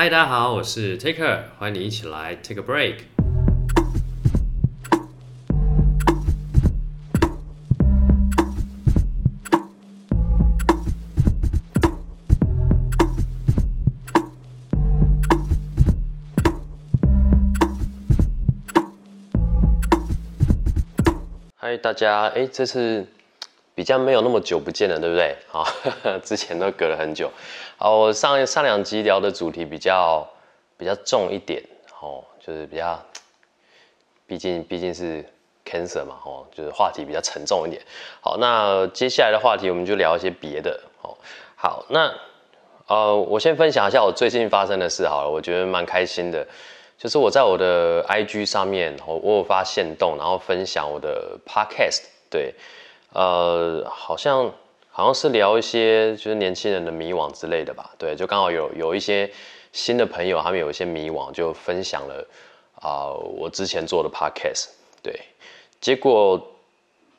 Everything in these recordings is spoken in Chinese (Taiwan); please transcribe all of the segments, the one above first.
嗨，Hi, 大家好，我是 Taker，歡迎你一起來 Take a Break。嗨，大家，哎，這次比較沒有那麼久不見了，對不對？好，呵呵，之前都隔了很久。好，我上上兩集聊的主題比較比較重一點哦，就是比較，畢竟畢竟是 cancer 嘛，哦，就是話題比較沉重一點。好，那接下來的話題我們就聊一些別的。好、哦，好，那呃，我先分享一下我最近發生的事。好了，我覺得蠻開心的，就是我在我的 IG 上面，哦、我我有發現動，然後分享我的 podcast。對，呃，好像。好像是聊一些就是年輕人的迷惘之類的吧，對，就剛好有有一些新的朋友，他們有一些迷惘，就分享了啊、呃、我之前做的 podcast，對，結果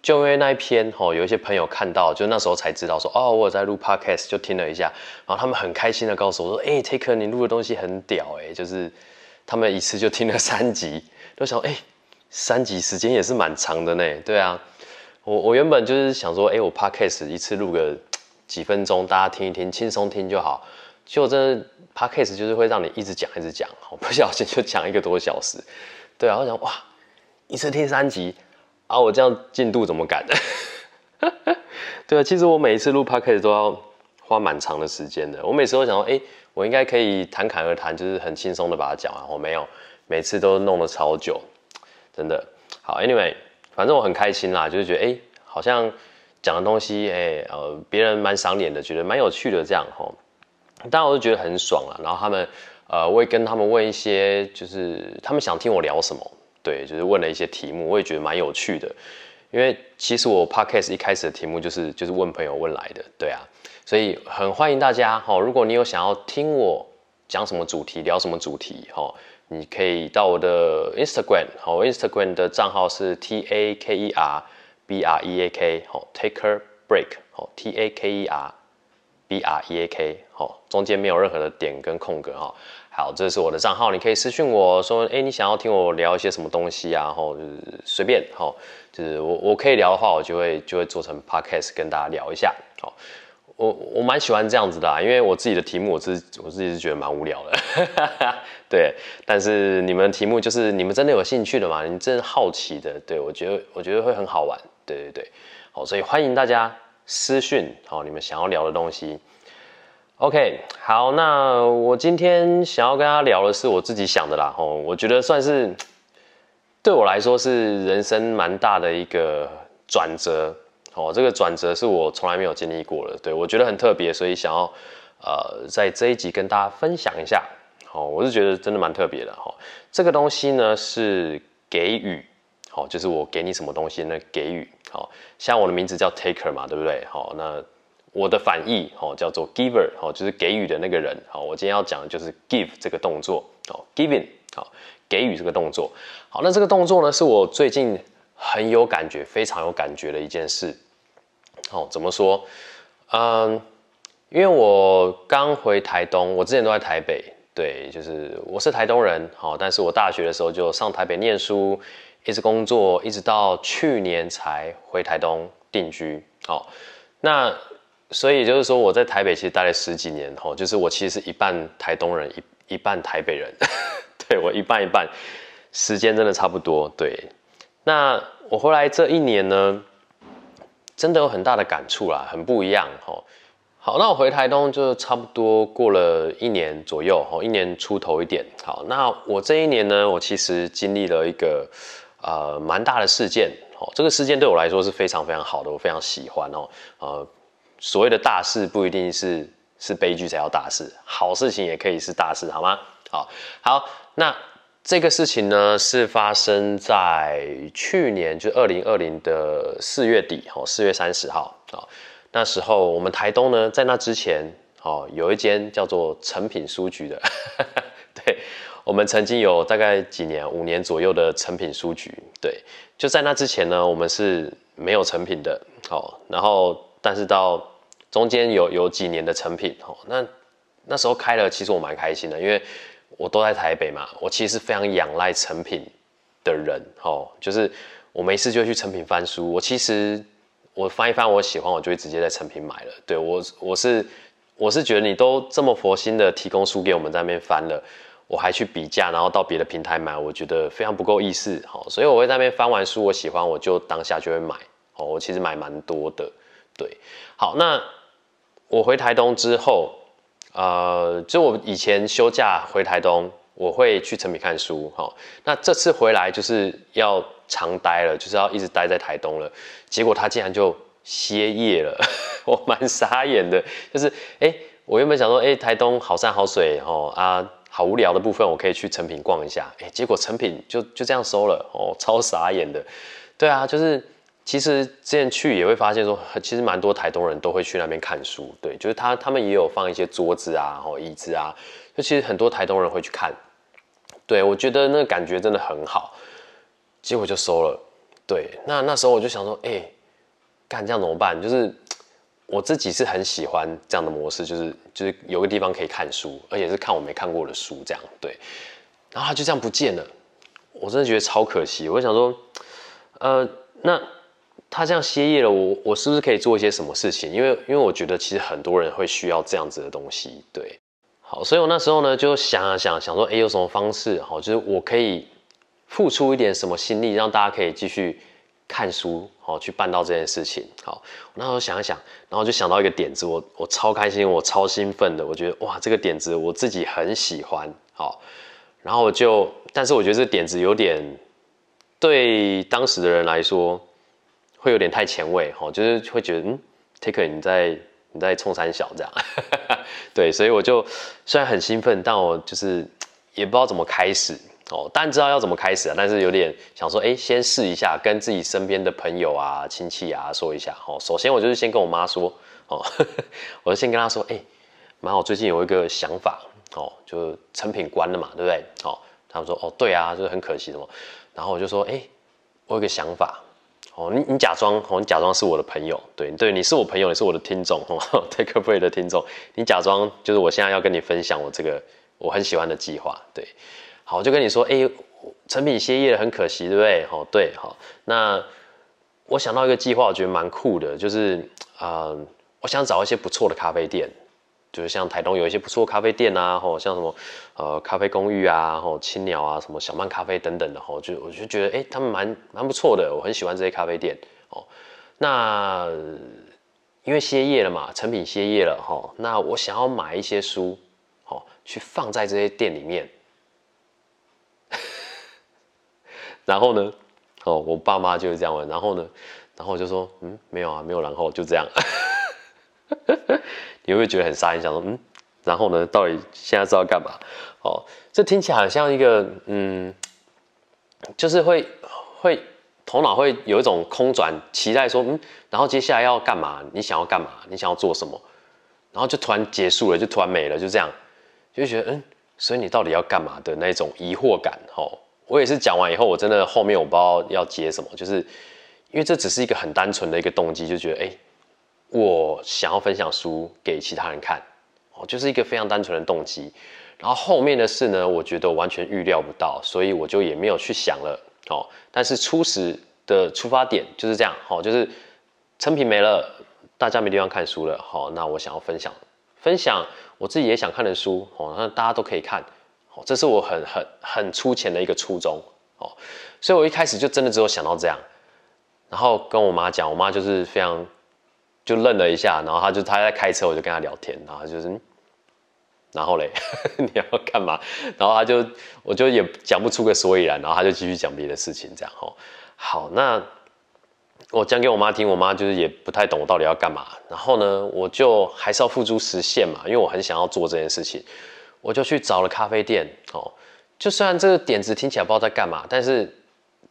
就因為那一篇哦，有一些朋友看到，就那時候才知道說哦，我有在錄 podcast，就聽了一下，然後他們很開心的告訴我，我說，哎、欸、，Taker，你錄的東西很屌誒、欸。就是他們一次就聽了三集，都想哎、欸，三集時間也是蠻長的呢，對啊。我我原本就是想說，哎、欸，我 podcast 一次錄個幾分鐘，大家聽一聽，輕鬆聽就好。結果真的 podcast 就是會讓你一直講一直講，我不小心就講一個多小時。對啊，我想哇，一次聽三集啊，我這樣進度怎麼趕？ 對啊，其實我每一次錄 podcast 都要花蠻長的時間的。我每次都想說哎、欸，我應該可以侃侃而談，就是很輕鬆的把它講完，啊。我沒有，每次都弄得超久，真的。好，Anyway。反正我很開心啦，就是覺得哎、欸，好像講的東西哎、欸、呃，別人蠻賞臉的，覺得蠻有趣的這樣齁，當然我就覺得很爽啦。然後他們呃我也跟他們問一些，就是他們想聽我聊什麼，對，就是問了一些題目，我也覺得蠻有趣的。因為其實我 podcast 一開始的題目就是就是問朋友問來的，對啊，所以很歡迎大家齁，如果你有想要聽我講什麼主題，聊什麼主題齁你可以到我的 Instagram，好，我 Instagram 的賬號是 T A K E R B R E A K，好、哦、，Taker Break，好、哦、，T A K E R B R E A K，好、哦，中間沒有任何的點跟空格哈、哦。好，這是我的賬號，你可以私訊我說，哎、欸，你想要聽我聊一些什麼東西啊？然後、哦、就是隨便，好、哦，就是我我可以聊的話，我就會就會做成 podcast 跟大家聊一下。好、哦，我我蠻喜歡這樣子的啊，因為我自己的題目，我自己我自己是覺得蠻無聊的。對，但是你們的題目就是你們真的有興趣的嘛？你真的好奇的，對，我覺得我覺得會很好玩。對對對，好、哦，所以歡迎大家私訊，好、哦，你們想要聊的東西。OK，好，那我今天想要跟大家聊的是我自己想的啦。吼、哦，我覺得算是對我來說是人生蠻大的一個轉折。哦，這個轉折是我從來沒有經歷過的，對，我覺得很特別，所以想要呃在這一集跟大家分享一下。好、哦，我是覺得真的蠻特別的哈、哦。這個東西呢是給予，好、哦，就是我給你什麼東西呢？給予，好、哦，像我的名字叫 Taker 嘛，對不對？好、哦，那我的反義，好、哦，叫做 Giver，好、哦，就是給予的那個人。好、哦，我今天要講的就是 Give 這個動作，好、哦，Giving，好、哦，給予這個動作。好、哦，那這個動作呢是我最近很有感覺、非常有感覺的一件事。哦。怎麼說？嗯，因為我剛回台東，我之前都在台北。對，就是我是台東人，好，但是我大學的時候就上台北念書，一直工作，一直到去年才回台東定居，那所以就是說我在台北其實待了十幾年，就是我其實一半台東人，一一半台北人， 對，我一半一半，時間真的差不多，對，那我回來這一年呢，真的有很大的感觸啦，很不一樣。好，那我回台東就差不多過了一年左右，哈，一年出頭一點。好，那我這一年呢，我其實經歷了一個，呃，蠻大的事件，哈、哦。這個事件對我來說是非常非常好的，我非常喜歡哦。呃，所謂的大事不一定是是悲劇才叫大事，好事情也可以是大事，好嗎？好，好，那這個事情呢，是發生在去年，就二零二零的四月底，哈、哦，四月三十號，哦那時候我們台東呢，在那之前，哦，有一間叫做誠品書局的， 對，我們曾經有大概幾年，五年左右的誠品書局，對，就在那之前呢，我們是沒有誠品的，哦，然後但是到中間有有幾年的誠品，哦，那那時候開了，其實我蠻開心的，因為我都在台北嘛，我其實是非常仰賴誠品的人，哦，就是我沒事就會去誠品翻書，我其實。我翻一翻，我喜歡，我就會直接在誠品買了。對我，我是我是覺得你都這麼佛心的提供書給我們在那邊翻了，我還去比價，然後到別的平台買，我覺得非常不夠意思。好，所以我會在那邊翻完書，我喜歡，我就當下就會買。好，我其實買蠻多的。對，好，那我回台東之後，呃，就我以前休假回台東，我會去誠品看書。好，那這次回來就是要常呆了，就是要一直待在台東了。結果他竟然就歇業了，我蠻傻眼的。就是，哎、欸，我原本想說，哎、欸，台東好山好水，哦，啊，好無聊的部分，我可以去誠品逛一下。哎、欸，結果誠品就就這樣收了，哦，超傻眼的。對啊，就是其實之前去也會發現說，其實蠻多台東人都會去那邊看書。對，就是他他們也有放一些桌子啊，吼、哦、椅子啊，就其實很多台東人會去看。對，我覺得那個感覺真的很好。結果就收了，對，那那時候我就想說，哎、欸，幹這樣怎麼辦？就是我自己是很喜歡這樣的模式，就是就是有個地方可以看書，而且是看我沒看過的書，這樣對。然後他就這樣不見了，我真的覺得超可惜。我想說，呃，那他這樣歇業了，我我是不是可以做一些什麼事情？因為因為我覺得其實很多人會需要這樣子的東西，對。好，所以我那時候呢就想啊想啊想說，哎、欸，有什麼方式好？就是我可以。付出一點什麼心力，讓大家可以繼續看書，好、喔、去辦到這件事情。好，那時候想一想，然後就想到一個點子，我我超開心，我超興奮的，我覺得哇，這個點子我自己很喜歡，好，然後我就，但是我覺得這個點子有點對當時的人來說會有點太前衛，哈、喔，就是會覺得，嗯，Take it, 你在你在衝三小這樣， 對，所以我就雖然很興奮，但我就是也不知道怎麼開始。哦，當然知道要怎麼開始啊，但是有點想說，哎、欸，先試一下，跟自己身邊的朋友啊、親戚啊說一下。哦，首先我就是先跟我媽說，哦，呵呵我就先跟她說，哎、欸，媽，我最近有一個想法，哦，就成品關了嘛，對不對？哦，他們說，哦，對啊，就是很可惜什麼，然後我就說，哎、欸，我有個想法，哦，你你假裝，哦，你假裝是我的朋友，對對，你是我朋友，你是我的聽眾，哦 Take a break 的聽眾，你假裝就是我現在要跟你分享我這個我很喜歡的計劃，對。好，就跟你說，哎，誠品歇業了，很可惜，對不對？哦，對，好、哦，那我想到一個計劃，我覺得蠻酷的，就是啊、呃，我想找一些不錯的咖啡店，就是像台東有一些不錯的咖啡店啊，吼、哦，像什麼呃，咖啡公寓啊，吼、哦，青鳥啊，什麼小曼咖啡等等的，吼、哦，就我就覺得，哎，他們蠻蠻不錯的，我很喜歡這些咖啡店，哦，那因為歇業了嘛，誠品歇業了，吼、哦、那我想要買一些書，好、哦，去放在這些店裡面。然後呢？哦，我爸媽就是這樣問。然後呢？然後我就說，嗯，沒有啊，沒有。然後就這樣， 你會不會覺得很傻？你想說，嗯，然後呢？到底現在是要幹嘛？哦，這聽起來好像一個，嗯，就是會會頭腦會有一種空轉，期待說，嗯，然後接下來要幹嘛？你想要幹嘛？你想要做什麼？然後就突然結束了，就突然沒了，就這樣，就會覺得，嗯，所以你到底要幹嘛的那種疑惑感，哦。我也是講完以後，我真的後面我不知道要接什麼，就是因為這只是一個很單純的一個動機，就覺得哎、欸，我想要分享書給其他人看，哦，就是一個非常單純的動機。然後後面的事呢，我覺得我完全預料不到，所以我就也沒有去想了，哦。但是初始的出發點就是這樣，哦，就是誠品沒了，大家沒地方看書了，好，那我想要分享分享我自己也想看的書，哦，那大家都可以看。這是我很很很粗淺的一個初衷哦，所以我一開始就真的只有想到這樣，然後跟我媽講，我媽就是非常就愣了一下，然後她就她在開車，我就跟她聊天，然後她就是，嗯、然後嘞 你要幹嘛？然後她就我就也講不出個所以然，然後她就繼續講別的事情這樣哦。好，那我講給我媽聽，我媽就是也不太懂我到底要幹嘛。然後呢，我就還是要付諸實現嘛，因為我很想要做這件事情。我就去找了咖啡店，哦，就雖然這個點子聽起來不知道在幹嘛，但是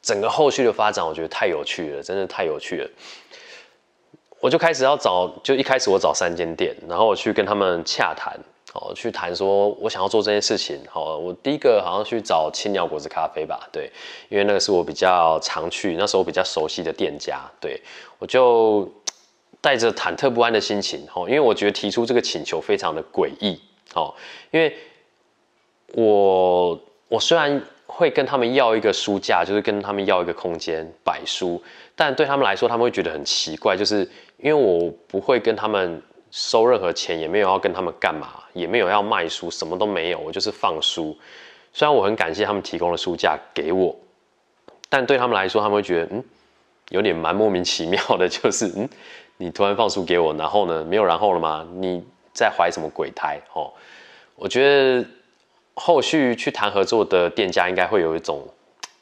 整個後續的發展我覺得太有趣了，真的太有趣了。我就開始要找，就一開始我找三間店，然後我去跟他們洽談，哦，去談說我想要做這件事情，哦，我第一個好像去找青鳥果子咖啡吧，對，因為那個是我比較常去，那時候我比較熟悉的店家，對，我就帶着忐忑不安的心情，哦，因為我覺得提出這個請求非常的詭異。哦，因為我我雖然會跟他們要一個書架，就是跟他們要一個空間擺書，但對他們來說，他們會覺得很奇怪，就是因為我不會跟他們收任何錢，也沒有要跟他們幹嘛，也沒有要賣書，什麼都沒有，我就是放書。雖然我很感謝他們提供的書架給我，但對他們來說，他們會覺得嗯，有點蠻莫名其妙的，就是嗯，你突然放書給我，然後呢，沒有然後了嗎？你。在懷什麼鬼胎？哦，我覺得後續去談合作的店家應該會有一種，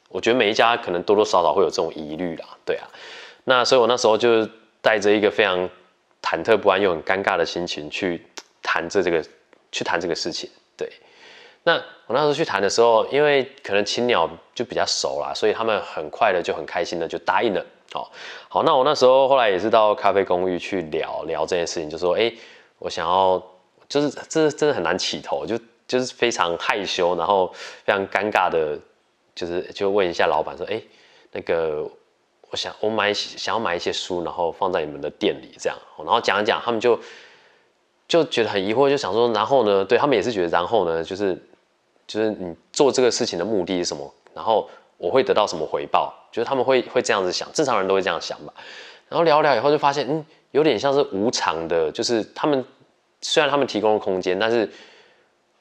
我覺得每一家可能多多少少會有這種疑慮啦。對啊，那所以我那時候就帶着一個非常忐忑不安又很尷尬的心情去談這這個去談這個事情。對，那我那時候去談的時候，因為可能青鳥就比較熟啦，所以他們很快的就很開心的就答應了。哦，好，那我那時候後來也是到咖啡公寓去聊聊這件事情，就說哎。欸我想要，就是，這是真的很難起頭，就就是非常害羞，然後非常尷尬的，就是就問一下老闆說，哎、欸，那個，我想我買想要買一些書，然後放在你們的店裡這樣，然後講一講，他們就就覺得很疑惑，就想說，然後呢，對，他們也是覺得，然後呢，就是就是你做這個事情的目的是什麼？然後我會得到什麼回報？就是他們會會這樣子想，正常人都會這樣想吧。然後聊聊以後就發現，嗯，有點像是無償的，就是他們。雖然他們提供了空間，但是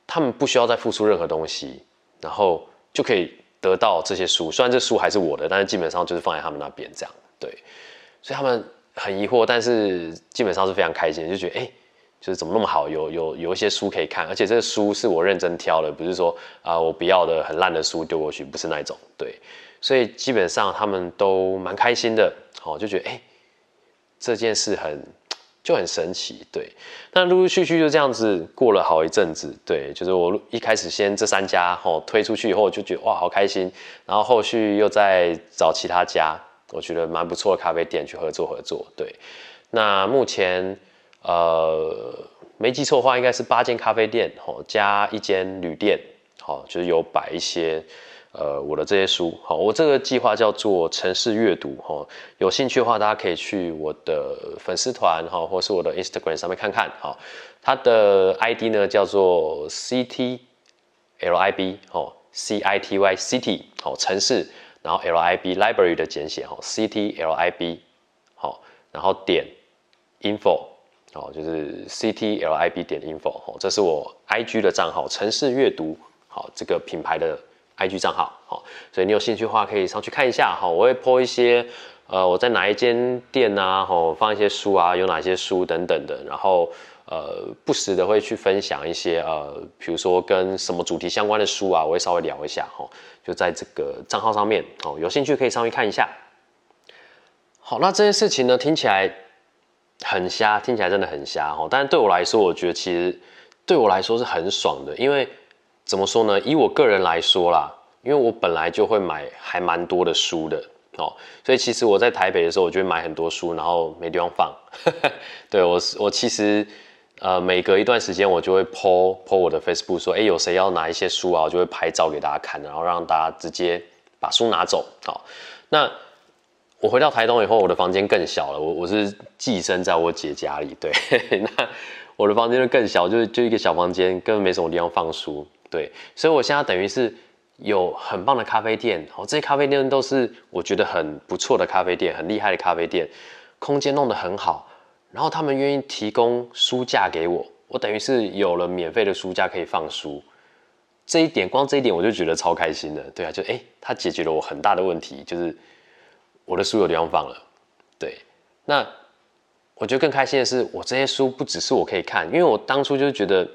他們不需要再付出任何東西，然後就可以得到這些書。雖然這書還是我的，但是基本上就是放在他們那邊這樣。對，所以他們很疑惑，但是基本上是非常開心，就覺得哎、欸，就是怎麼那麼好，有有有一些書可以看，而且這個書是我認真挑的，不是說啊、呃，我不要的很爛的書丟過去，不是那一種。對，所以基本上他們都蠻開心的，哦、喔，就覺得哎、欸，這件事很。就很神奇，對。那陸陸續續就這樣子過了好一陣子，對，就是我一開始先這三家吼，推出去以後，就覺得哇好開心，然後後續又再找其他家，我覺得蠻不錯的咖啡店去合作合作，對。那目前呃沒記錯的話，應該是八間咖啡店吼加一間旅店，吼就是有擺一些。呃，我的這些書，好，我這個計劃叫做城市閱讀，哈、哦，有興趣的話，大家可以去我的粉絲團，哈、哦，或是我的 Instagram 上面看看，哈、哦，它的 ID 呢叫做 C T L I B，哦，C I T Y，city，哦，城市，然後 L I B，library 的簡寫，哈、哦，C T L I B，好、哦，然後點 info，好、哦，就是 C T L I B 點 info，好、哦，這是我 IG 的賬號，城市閱讀，好、哦，這個品牌的。IG 賬號，好，所以你有興趣的話，可以上去看一下，哈，我會 po 一些，呃,我在哪一間店吶、啊，放一些書啊，有哪些書等等的，然後，呃，不時的會去分享一些，呃，比如說跟什麼主題相關的書啊，我會稍微聊一下，哈，就在這個賬號上面，哦，有興趣可以上去看一下。好，那這件事情呢，聽起來很瞎，聽起來真的很瞎，但是對我來說，我覺得其實對我來說是很爽的，因為。怎麼說呢？以我個人來說啦，因為我本來就會買還蠻多的書的哦，所以其實我在台北的時候，我就會買很多書，然後沒地方放。呵呵對我，我其實呃，每隔一段時間我就會 po po 我的 Facebook 說，哎、欸，有誰要拿一些書啊？我就會拍照給大家看，然後讓大家直接把書拿走。好、哦，那我回到台東以後，我的房間更小了。我我是寄生在我姐家裡，對，那我的房間就更小，就就一個小房間，根本沒什麼地方放書。對，所以我現在等於是有很棒的咖啡店，哦，這些咖啡店都是我覺得很不錯的咖啡店，很厲害的咖啡店，空間弄得很好，然後他們願意提供書架給我，我等於是有了免費的書架可以放書，這一點，光這一點我就覺得超開心的，對啊，就誒，他解決了我很大的問題，就是我的書有地方放了，對，那我覺得更開心的是，我這些書不只是我可以看，因為我當初就覺得。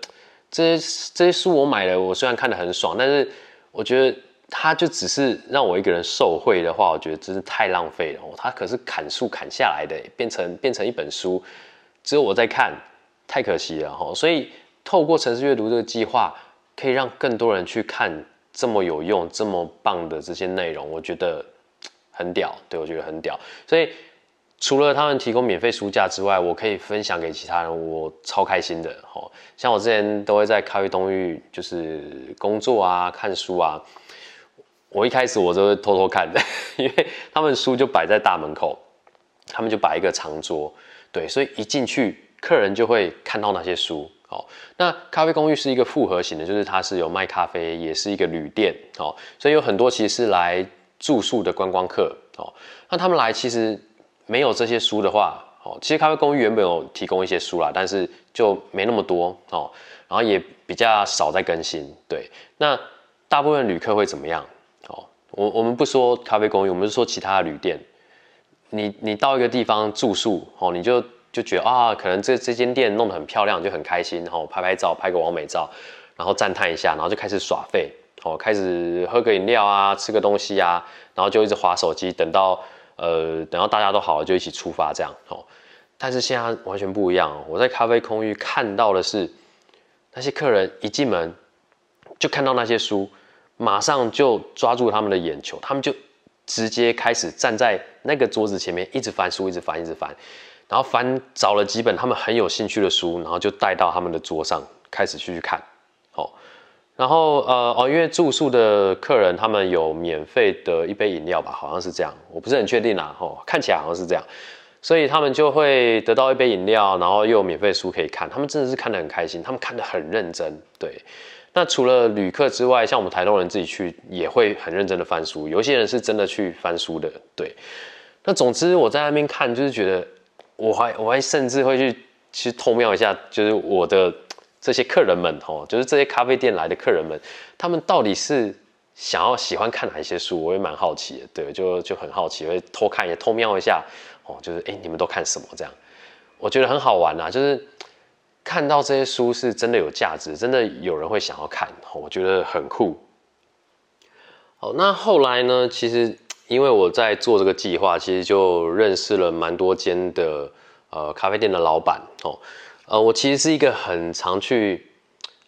這些這些書我買了，我雖然看得很爽，但是我覺得它就只是讓我一個人受惠的話，我覺得真是太浪費了。哦、它可是砍樹砍下來的，變成變成一本書，只有我在看，太可惜了、哦、所以透過城市閱讀這個計劃，可以讓更多人去看這麼有用、這麼棒的這些內容，我覺得很屌。對，我覺得很屌，所以。除了他們提供免費書架之外，我可以分享給其他人，我超開心的。哦，像我之前都會在咖啡公寓，就是工作啊、看書啊。我一開始我就會偷偷看的，因為他們書就擺在大門口，他們就擺一個長桌，對，所以一進去客人就會看到那些書。哦。那咖啡公寓是一個複合型的，就是它是有賣咖啡，也是一個旅店。哦。所以有很多其實是來住宿的觀光客。哦。那他們來其實。沒有這些書的話，哦，其實咖啡公寓原本有提供一些書啦，但是就沒那麼多哦，然後也比較少在更新。對，那大部分旅客會怎麼樣？哦，我我們不說咖啡公寓，我們是說其他的旅店。你你到一個地方住宿，哦，你就就覺得啊，可能這這間店弄得很漂亮，就很開心，然後拍拍照，拍個完美照，然後讚嘆一下，然後就開始耍廢，哦，開始喝個飲料啊，吃個東西啊，然後就一直滑手機，等到。呃，等到大家都好了，就一起出發這樣哦。但是現在完全不一樣。我在咖啡空域看到的是，那些客人一進門就看到那些書，馬上就抓住他們的眼球，他們就直接開始站在那個桌子前面，一直翻書，一直翻，一直翻，然後翻找了幾本他們很有興趣的書，然後就帶到他們的桌上開始去去看。然後呃哦，因為住宿的客人，他們有免費的一杯飲料吧，好像是這樣，我不是很確定啦吼、哦，看起來好像是這樣，所以他們就會得到一杯飲料，然後又有免費書可以看，他們真的是看得很開心，他們看得很認真，對。那除了旅客之外，像我們台東人自己去也會很認真的翻書，有些人是真的去翻書的，對。那總之我在那邊看，就是覺得我還我還甚至會去去偷瞄一下，就是我的。這些客人們，哦，就是這些咖啡店來的客人們，他們到底是想要喜歡看哪一些書？我也蠻好奇的，對，就就很好奇，會偷看也偷瞄一下，哦，就是哎、欸，你們都看什麼這樣。我覺得很好玩啊。就是看到這些書是真的有價值，真的有人會想要看，我覺得很酷。哦，那後來呢？其實因為我在做這個計劃，其實就認識了蠻多間的呃咖啡店的老闆，哦。呃，我其實是一個很常去，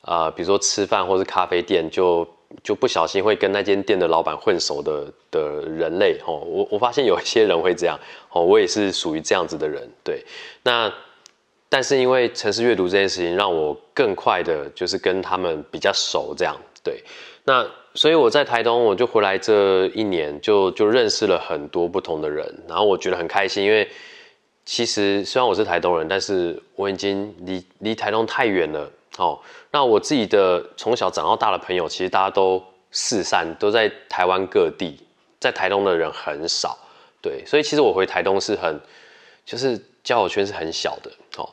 啊、呃，比如說吃飯或是咖啡店就，就就不小心會跟那間店的老闆混熟的的人類，吼，我我發現有一些人會這樣，哦，我也是屬於這樣子的人，對。那但是因為城市閱讀這件事情，讓我更快的，就是跟他們比較熟，這樣，對。那所以我在台東，我就回來這一年就，就就認識了很多不同的人，然後我覺得很開心，因為。其實雖然我是台東人，但是我已經離離台東太遠了。好、哦，那我自己的從小長到大的朋友，其實大家都四散，都在台灣各地，在台東的人很少。對，所以其實我回台東是很，就是交友圈是很小的。好、哦，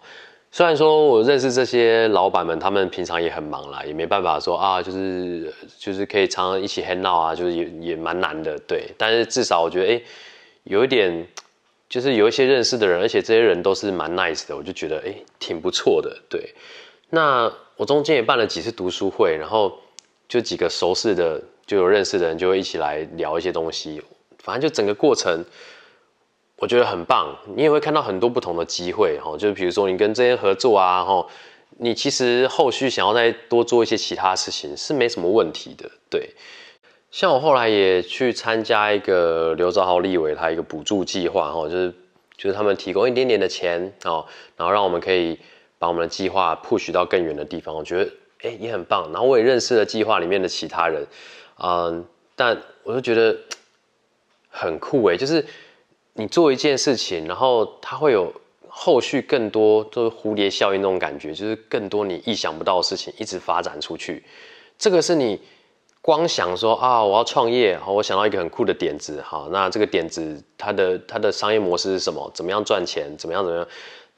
雖然說我認識這些老板們，他們平常也很忙啦，也沒辦法說啊，就是就是可以常常一起 hang out 啊，就是也也蠻難的。對，但是至少我覺得，哎、欸，有一點。就是有一些認識的人，而且這些人都是蠻 nice 的，我就覺得誒、欸，挺不錯的。對，那我中間也辦了幾次讀書會，然後就幾個熟識的，就有認識的人就會一起來聊一些東西。反正就整個過程，我覺得很棒。你也會看到很多不同的機會，就比如說你跟這些合作啊，你其實後續想要再多做一些其他事情是沒什麼問題的，對。像我後來也去參加一個劉兆豪立委他一個補助計劃，就是就是他們提供一點點的錢哦，然後讓我們可以把我們的計劃 push 到更遠的地方，我覺得哎也很棒。然後我也認識了計劃裡面的其他人，嗯，但我就覺得很酷誒、欸，就是你做一件事情，然後它會有後續更多，就是蝴蝶效應那種感覺，就是更多你意想不到的事情一直發展出去，這個是你。光想說啊，我要創業，好，我想到一個很酷的點子，好，那這個點子它的它的商業模式是什麼？怎麼樣賺錢？怎麼樣怎麼樣？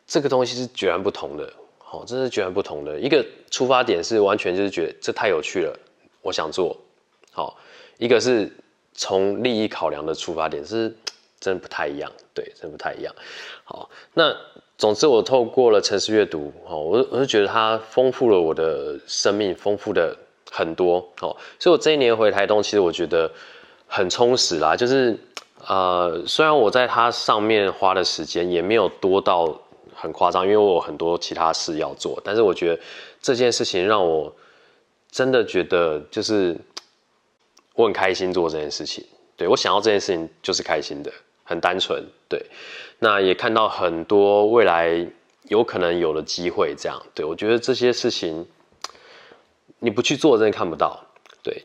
這個東西是截然不同的，好，這是截然不同的一個出發點，是完全就是覺得這太有趣了，我想做，好，一個是從利益考量的出發點，是真的不太一樣，對，真的不太一樣，好，那總之我透過了城市閱讀，好，我我是覺得它豐富了我的生命，豐富的。很多哦，所以我這一年回台東，其實我覺得很充實啦。就是呃，雖然我在它上面花的時間也沒有多到很誇張，因為我有很多其他事要做。但是我覺得這件事情讓我真的覺得，就是我很開心做這件事情。對，我想要這件事情就是開心的，很單純。對，那也看到很多未來有可能有的機會，這樣。對，我覺得這些事情，你不去做，真的看不到。對，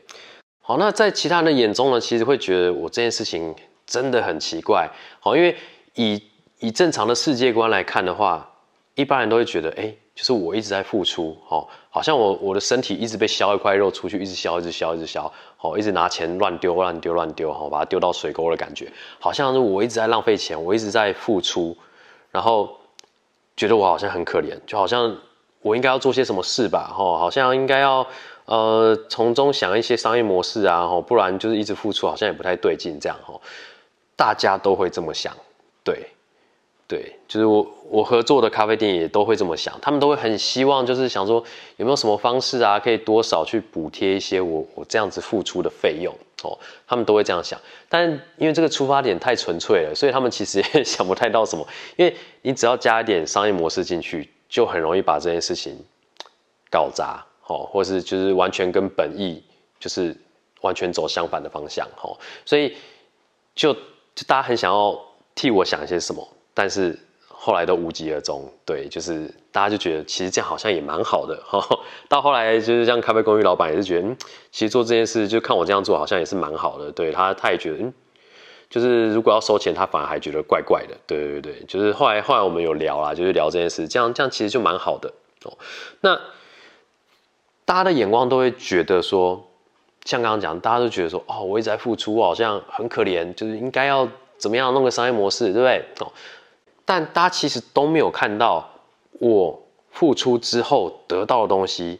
好，那在其他人的眼中呢？其實會覺得我這件事情真的很奇怪。好，因為以以正常的世界觀來看的話，一般人都會覺得，哎、欸，就是我一直在付出，哈，好像我我的身體一直被削一塊肉出去，一直削，一直削，一直削，好，一直拿錢亂丟，亂丟，亂丟，好，把它丟到水溝的感覺，好像是我一直在浪費錢，我一直在付出，然後覺得我好像很可憐，就好像。我應該要做些什麼事吧？吼，好像應該要，呃，從中想一些商業模式啊，吼，不然就是一直付出，好像也不太對勁。這樣，吼，大家都會這麼想，對，對，就是我我合作的咖啡店也都會這麼想，他們都會很希望，就是想說有沒有什麼方式啊，可以多少去補貼一些我我這樣子付出的費用，哦，他們都會這樣想，但因為這個出發點太純粹了，所以他們其實也想不太到什麼，因為你只要加一點商業模式進去。就很容易把這件事情搞砸，吼，或是就是完全跟本意，就是完全走相反的方向，吼。所以就就大家很想要替我想一些什麼，但是後來都無疾而終，對，就是大家就覺得其實這樣好像也蠻好的，吼。到後來就是像咖啡公寓老闆也是覺得，嗯，其實做這件事就看我這樣做好像也是蠻好的，對，他他也覺得。嗯就是如果要收錢，他反而還覺得怪怪的。對對對，就是後來後來我們有聊啦，就是聊這件事，這樣這樣其實就蠻好的哦。那大家的眼光都會覺得說，像剛剛講，大家都覺得說，哦，我一直在付出，我好像很可憐，就是應該要怎麼樣弄個商業模式，對不對？哦，但大家其實都沒有看到我付出之後得到的東西。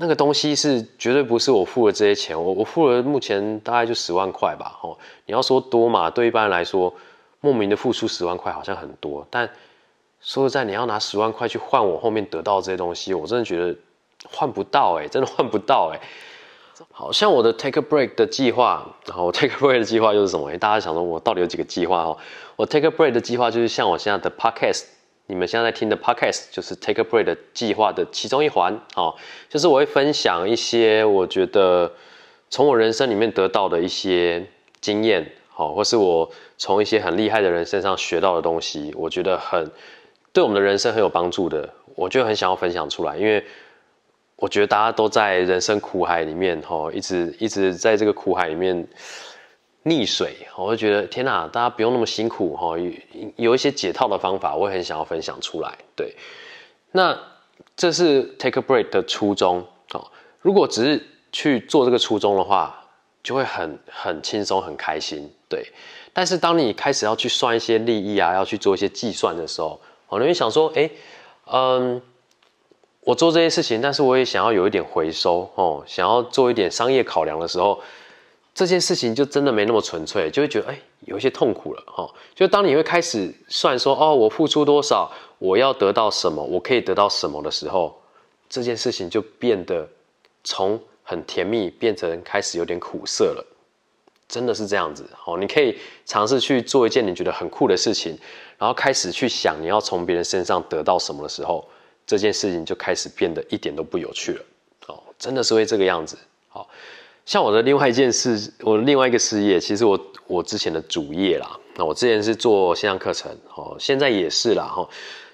那個東西是絕對不是我付了這些錢，我我付了目前大概就十萬塊吧，吼！你要說多嘛，對一般人來說，莫名的付出十萬塊好像很多，但說實在，你要拿十萬塊去換我後面得到這些東西，我真的覺得換不到、欸，哎，真的換不到、欸，哎。好像我的 take a break 的計劃，然後我 take a break 的計劃又是什麼、欸？大家想說我到底有幾個計劃？哦，我 take a break 的計劃就是像我現在的 podcast。你們現在在聽的 podcast 就是 Take a Break 的計劃的其中一環，哦，就是我會分享一些我覺得從我人生裡面得到的一些經驗，哦，或是我從一些很厲害的人身上學到的東西，我覺得很對我們的人生很有幫助的，我就很想要分享出來，因為我覺得大家都在人生苦海裡面，哈，哦，一直一直在這個苦海裡面。溺水，我會覺得天哪，啊！大家不用那麼辛苦哈，有有一些解套的方法，我也很想要分享出來。對，那這是 Take a Break 的初衷哦。如果只是去做這個初衷的話，就會很很輕鬆很開心。對，但是當你開始要去算一些利益啊，要去做一些計算的時候，哦，你會想說，哎，欸，嗯，我做這些事情，但是我也想要有一點回收哦，想要做一點商業考量的時候。這件事情就真的沒那麼純粹，就會覺得哎、欸，有一些痛苦了哈、哦。就當你會開始算說哦，我付出多少，我要得到什麼，我可以得到什麼的時候，這件事情就變得從很甜蜜變成開始有點苦澀了。真的是這樣子好、哦，你可以嘗試去做一件你覺得很酷的事情，然後開始去想你要從別人身上得到什麼的時候，這件事情就開始變得一點都不有趣了哦。真的是會這個樣子好。哦像我的另外一件事，我另外一個事業，其實我我之前的主業啦，那我之前是做線上課程，哦，現在也是啦，哈，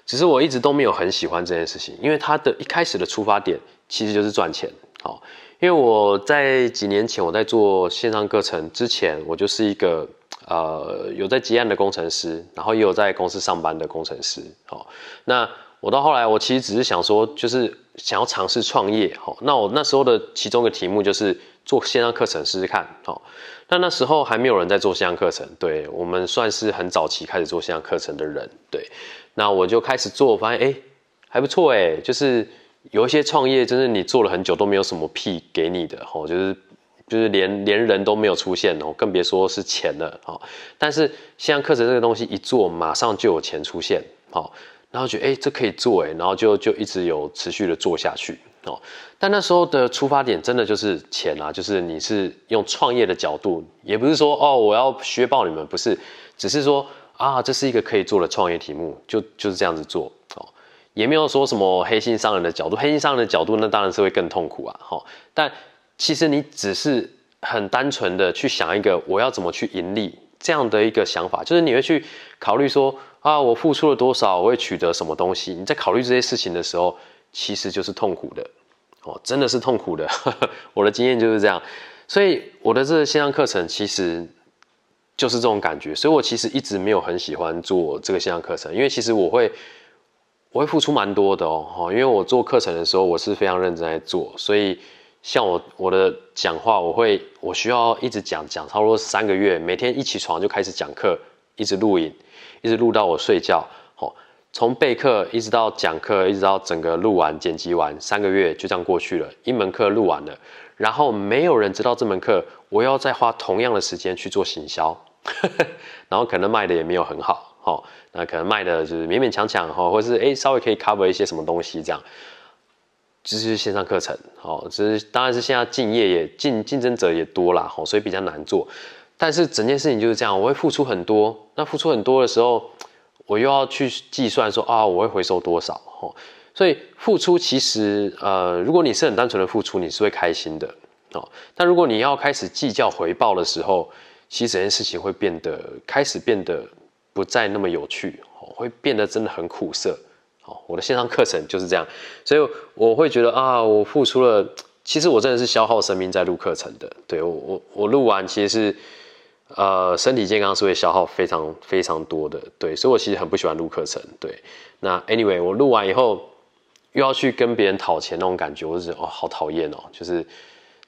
只是我一直都沒有很喜歡這件事情，因為它的一開始的出發點其實就是賺錢，好，因為我在幾年前我在做線上課程之前，我就是一個呃有在接案的工程師，然後也有在公司上班的工程師，哦。那我到後來，我其實只是想說，就是想要嘗試創業，好，那我那時候的其中一個題目就是。做線上課程試試看，哦，那那時候還沒有人在做線上課程，對我們算是很早期開始做線上課程的人，對，那我就開始做，發現哎、欸、還不錯哎、欸，就是有一些創業，就是你做了很久都沒有什麼屁給你的，哦、就是，就是就是連連人都沒有出現哦，更別說是錢了，哦。但是線上課程這個東西一做，馬上就有錢出現，哦，然後我覺得哎、欸、這可以做誒、欸，然後就就一直有持續的做下去。哦，但那時候的出發點真的就是錢啊，就是你是用創業的角度，也不是說哦我要削爆你們，不是，只是說啊這是一個可以做的創業題目，就就是這樣子做哦，也沒有說什麼黑心商人的角度，黑心商人的角度那當然是會更痛苦啊，哦，但其實你只是很單純的去想一個我要怎麼去盈利這樣的一個想法，就是你會去考慮說啊我付出了多少，我會取得什麼東西，你在考慮這些事情的時候，其實就是痛苦的。哦，oh, 真的是痛苦的， 我的經驗就是這樣，所以我的這個線上課程其實就是這種感覺，所以我其實一直沒有很喜歡做這個線上課程，因為其實我會我會付出蠻多的哦、喔，因為我做課程的時候我是非常認真在做，所以像我我的講話我會我需要一直講講差不多三個月，每天一起床就開始講課，一直錄影，一直錄到我睡覺。從備課一直到講課，一直到整個錄完、剪輯完，三個月就這樣過去了。一門課錄完了，然後沒有人知道這門課，我要再花同樣的時間去做行銷， 然後可能賣的也沒有很好，哈，那可能賣的就是勉勉強強，哈，或是、欸、稍微可以 cover 一些什麼東西這樣，就是線上課程，好，就是當然是現在敬業也競競爭者也多啦，好，所以比較難做，但是整件事情就是這樣，我會付出很多，那付出很多的時候。我又要去計算說啊，我會回收多少吼、哦，所以付出其實呃，如果你是很單純的付出，你是會開心的哦。但如果你要開始計較回報的時候，其實整件事情會變得開始變得不再那麼有趣、哦、會變得真的很苦澀。好、哦，我的線上課程就是這樣，所以我會覺得啊，我付出了，其實我真的是消耗生命在錄課程的。對我我我錄完其實是。呃，身體健康是會消耗非常非常多的，對，所以我其實很不喜歡錄課程，對。那 anyway，我錄完以後又要去跟別人討錢，那種感覺，我就覺得哦，好討厭哦，就是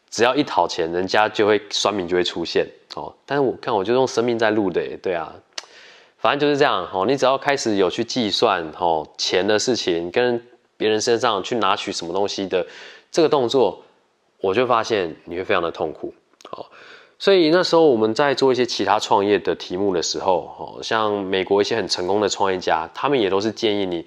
只要一討錢，人家就會酸民，就會出現哦。但是我看，我就用生命在錄的，對啊，反正就是這樣哦。你只要開始有去計算哦錢的事情，跟別人身上去拿取什麼東西的這個動作，我就發現你會非常的痛苦，哦。所以那時候我們在做一些其他創業的題目的時候，哦，像美國一些很成功的創業家，他們也都是建議你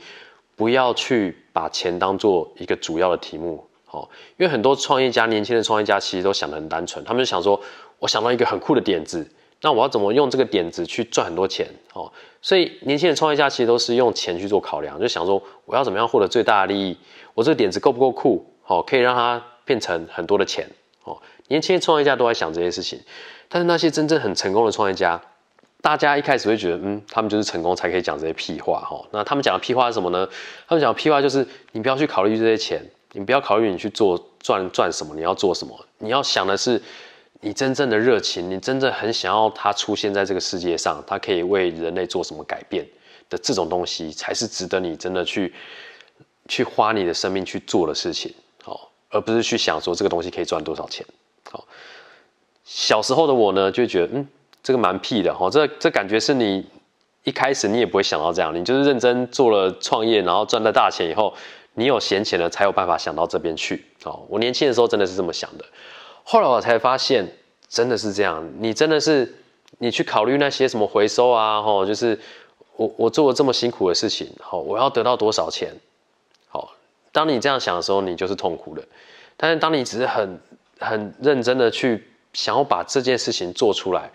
不要去把錢當做一個主要的題目，哦，因為很多創業家，年輕的創業家其實都想得很單純，他們就想說，我想到一個很酷的點子，那我要怎麼用這個點子去賺很多錢，哦，所以年輕的創業家其實都是用錢去做考量，就想說我要怎麼樣獲得最大的利益，我這個點子夠不夠酷，哦，可以讓它變成很多的錢。年輕的創業家都在想這些事情，但是那些真正很成功的創業家，大家一開始會覺得，嗯，他們就是成功才可以講這些屁話哦。那他們講的屁話是什麼呢？他們講的屁話就是，你不要去考慮這些錢，你不要考慮你去做賺賺什麼，你要做什麼，你要想的是你真正的熱情，你真正很想要它出現在這個世界上，它可以為人類做什麼改變的這種東西，才是值得你真的去去花你的生命去做的事情，哦，而不是去想說這個東西可以賺多少錢。小時候的我呢，就覺得嗯，這個蠻屁的齁，這這感覺是你一開始你也不會想到這樣，你就是認真做了創業，然後賺了大錢以後，你有閒錢了才有辦法想到這邊去哦。我年輕的時候真的是這麼想的，後來我才發現真的是這樣，你真的是你去考慮那些什麼回收啊，齁，就是我我做了這麼辛苦的事情，齁，我要得到多少錢？好，當你這樣想的時候，你就是痛苦的。但是當你只是很很認真的去。想要把這件事情做出來，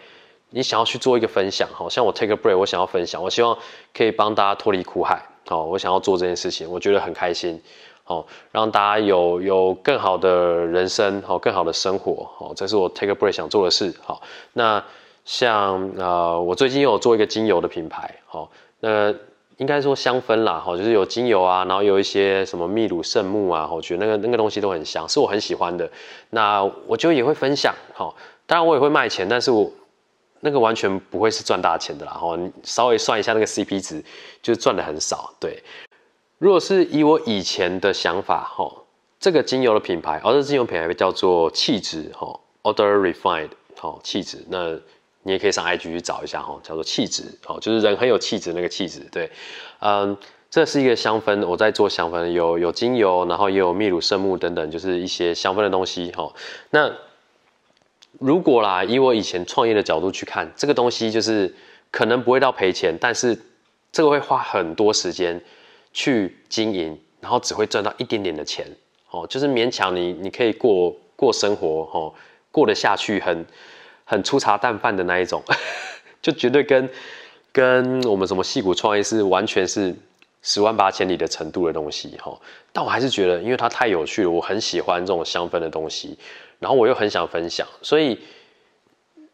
你想要去做一個分享，好像我 take a break，我想要分享，我希望可以幫大家脫離苦海，好，我想要做這件事情，我覺得很開心，好，讓大家有有更好的人生，好，更好的生活，好，這是我 take a break 想做的事，好，那像啊、呃，我最近又有做一個精油的品牌，好，那。應該說香氛啦，哈，就是有精油啊，然後有一些什麼秘魯聖木啊，我覺得那個那個東西都很香，是我很喜歡的。那我就也會分享，好、哦，當然我也會賣錢，但是我那個完全不會是賺大的錢的啦，哈、哦，你稍微算一下那個 CP 值，就賺得很少。對，如果是以我以前的想法，哈、哦，這個精油的品牌，而、哦、這個、精油品牌叫做氣質，哈、哦、，Order Refined，好、哦，氣質那。你也可以上 IG 去找一下，叫做氣質哦，就是人很有氣質那個氣質。對，嗯，這是一個香氛，我在做香氛，有有精油，然後也有秘魯聖木等等，就是一些香氛的東西。哦，那如果啦，以我以前創業的角度去看，這個東西就是可能不會到賠錢，但是這個會花很多時間去經營，然後只會賺到一點點的錢哦，就是勉強你你可以過過生活哦，過得下去很。很粗茶淡飯的那一種， 就絕對跟跟我們什麼矽谷創業是完全是十萬八千里的程度的東西哈，但我還是覺得，因為它太有趣了，我很喜歡這種香氛的東西，然後我又很想分享，所以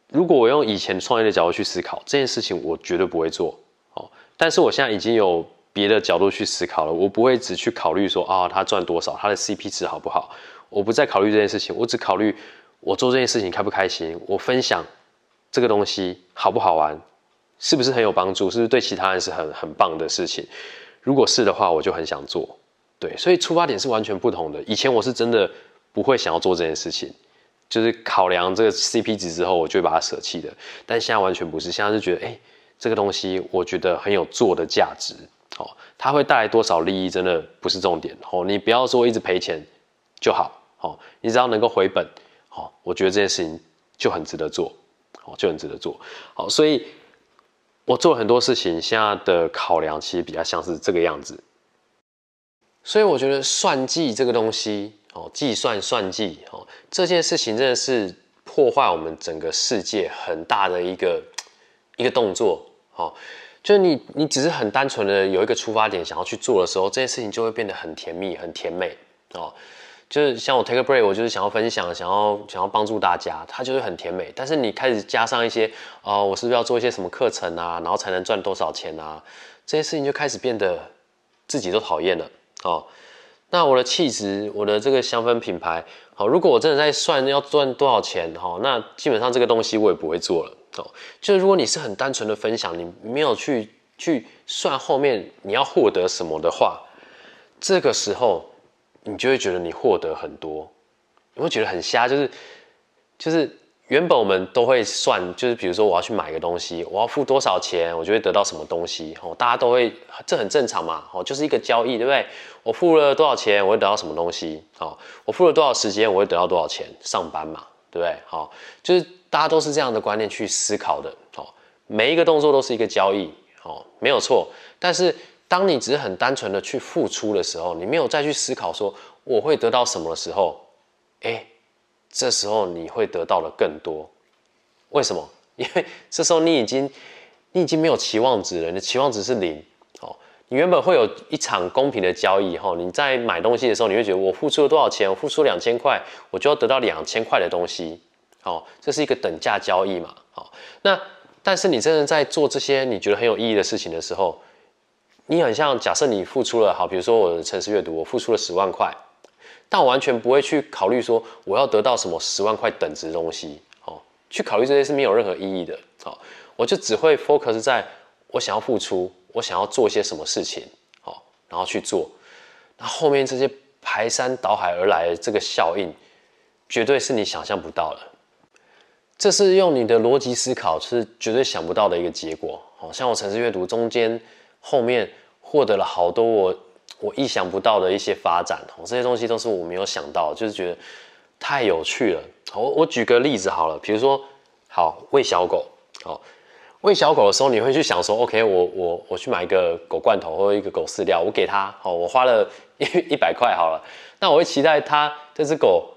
如果我用以前創業的角度去思考這件事情，我絕對不會做哦。但是我現在已經有別的角度去思考了，我不會只去考慮說啊，它賺多少，它的 CP 值好不好，我不再考慮這件事情，我只考慮。我做這件事情開不開心？我分享這個東西好不好玩？是不是很有幫助？是不是對其他人是很很棒的事情？如果是的話，我就很想做。對，所以出發點是完全不同的。以前我是真的不會想要做這件事情，就是考量這個 CP 值之後，我就會把它捨棄的。但現在完全不是，現在是覺得，哎，這個東西我覺得很有做的價值。哦，它會帶來多少利益，真的不是重點。哦，你不要說一直賠錢就好。哦，你只要能夠回本。好，我覺得這件事情就很值得做，好，就很值得做。好，所以我做了很多事情，現在的考量其實比較像是這個樣子。所以我覺得算計這個東西，哦，計算算計，哦，這件事情真的是破壞我們整個世界很大的一個一個動作。哦，就是你你只是很單純的有一個出發點想要去做的時候，這件事情就會變得很甜蜜，很甜美，哦。就是像我 take a break，我就是想要分享，想要想要幫助大家，它就是很甜美。但是你開始加上一些，哦、呃，我是不是要做一些什麼課程啊，然後才能賺多少錢啊？這些事情就開始變得自己都討厭了。哦，那我的氣質，我的這個香氛品牌，好、哦，如果我真的在算要賺多少錢，哦，那基本上這個東西我也不會做了。哦，就如果你是很單純的分享，你沒有去去算後面你要獲得什麼的話，這個時候。你就會覺得你獲得很多，你會覺得很瞎，就是就是原本我們都會算，就是比如說我要去買一個東西，我要付多少錢，我就會得到什麼東西哦，大家都會，這很正常嘛哦，就是一個交易，對不對？我付了多少錢，我會得到什麼東西？哦，我付了多少時間，我會得到多少錢？上班嘛，對不對？就是大家都是這樣的觀念去思考的哦，每一個動作都是一個交易哦，沒有錯，但是。當你只是很單純的去付出的時候，你沒有再去思考說我會得到什麼的時候，哎，這時候你會得到的更多。為什麼？因為這時候你已經你已經沒有期望值了，你的期望值是零。哦，你原本會有一場公平的交易。哈、哦，你在買東西的時候，你會覺得我付出了多少錢，我付出兩千塊，我就要得到兩千塊的東西。哦，這是一個等價交易嘛。哦、那但是你真的在做這些你覺得很有意義的事情的時候。你很像，假設你付出了好，比如說我的城市閱讀，我付出了十萬塊，但我完全不會去考慮說我要得到什麼十萬塊等值的東西，哦，去考慮這些是沒有任何意義的，哦，我就只會 focus 在我想要付出，我想要做些什麼事情，好、哦，然後去做，那後面這些排山倒海而來的這個效應，絕對是你想象不到的。這是用你的邏輯思考、就是絕對想不到的一個結果，好、哦，像我城市閱讀中間。後面獲得了好多我我意想不到的一些發展哦，這些東西都是我沒有想到，就是覺得太有趣了。好，我我舉個例子好了，比如說，好餵小狗，好餵小狗的時候，你會去想說，OK，我我我去買一個狗罐頭或者一個狗飼料，我給它，好，我花了一一百塊好了，那我會期待它這隻狗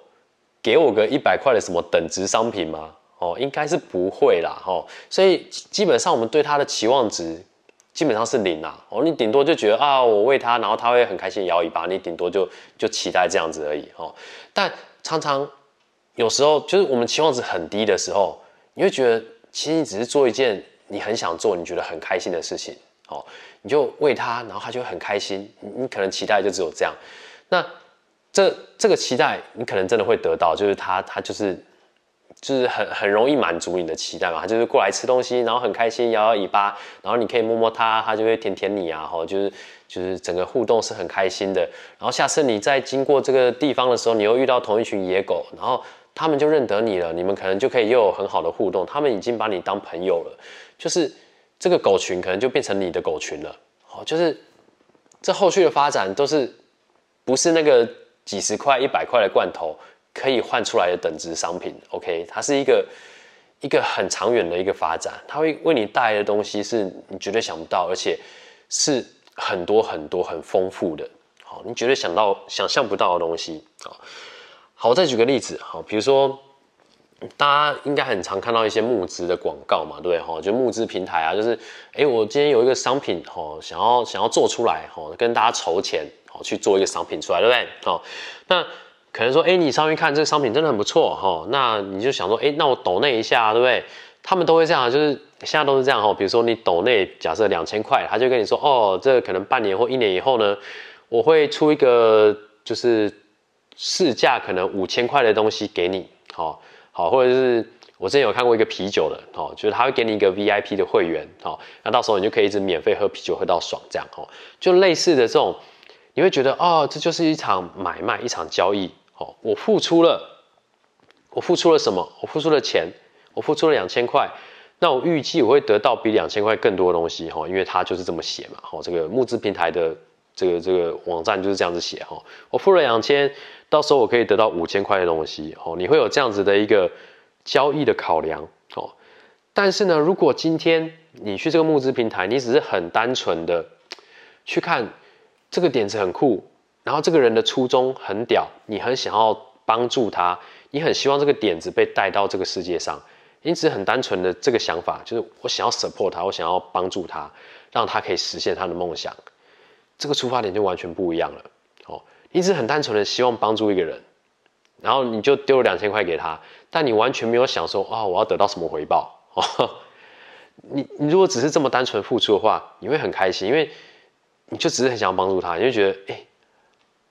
給我個一百塊的什麼等值商品嗎？哦，應該是不會啦，哦，所以基本上我們對它的期望值，基本上是零啦。哦，你頂多就覺得啊，我餵它，然後它會很開心搖尾巴，你頂多就就期待這樣子而已哦。但常常有時候就是我們期望值很低的時候，你會覺得其實你只是做一件你很想做、你覺得很開心的事情，哦，你就餵它，然後它就會很開心，你可能期待就只有這樣。那這這個期待你可能真的會得到，就是它它就是。就是很很容易滿足你的期待嘛，它就是過來吃東西，然後很開心搖搖尾巴，然後你可以摸摸它，它就會舔舔你啊，然後就是就是整個互動是很開心的。然後下次你再經過這個地方的時候，你又遇到同一群野狗，然後他們就認得你了，你們可能就可以又有很好的互動，他們已經把你當朋友了，就是這個狗群可能就變成你的狗群了。好，就是這後續的發展都是不是那個幾十塊、一百塊的罐頭。可以換出來的等值商品，OK，它是一個一個很長遠的一個發展，它會為你帶來的東西是你絕對想不到，而且是很多很多很豐富的，好，你絕對想到想象不到的東西，好，好，我再舉個例子，好，比如說大家應該很常看到一些募資的廣告嘛，對不對？好，就募資平台啊，就是，哎、欸，我今天有一個商品，好，想要想要做出來，好，跟大家籌錢，好，去做一個商品出來，對不對？好，那。可能說，哎、欸，你上去看這個商品真的很不錯哦，那你就想說，哎、欸，那我 donate 一下、啊，對不對？他們都會這樣，就是現在都是這樣哦，比如說你 donate，假設兩千塊，他就跟你說，哦，這個、可能半年或一年以後呢，我會出一個就是市價可能五千塊的東西給你，好、哦、好，或者是我之前有看過一個啤酒的，哦，就是他會給你一個 VIP 的會員，哦，那到時候你就可以一直免費喝啤酒喝到爽，這樣哦，就類似的這種，你會覺得，哦，這就是一場買賣，一場交易。哦，我付出了，我付出了什麼？我付出了錢，我付出了兩千塊，那我預計我會得到比兩千塊更多的東西哈，因為它就是這麼寫嘛。哦，這個募資平台的這個這個網站就是這樣子寫哈，我付了兩千，到時候我可以得到五千塊的東西哦。你會有這樣子的一個交易的考量哦，但是呢，如果今天你去這個募資平台，你只是很單純的去看這個點子很酷。然後這個人的初衷很屌，你很想要幫助他，你很希望這個點子被帶到這個世界上，你一直很單純的這個想法就是我想要 support 他，我想要幫助他，讓他可以實現他的夢想。這個出發點就完全不一樣了。哦，你只是很單純的希望幫助一個人，然後你就丟了兩千塊給他，但你完全沒有想說，哦，我要得到什麼回報。哦，你你如果只是這麼單純付出的話，你會很開心，因為你就只是很想要幫助他，你就覺得誒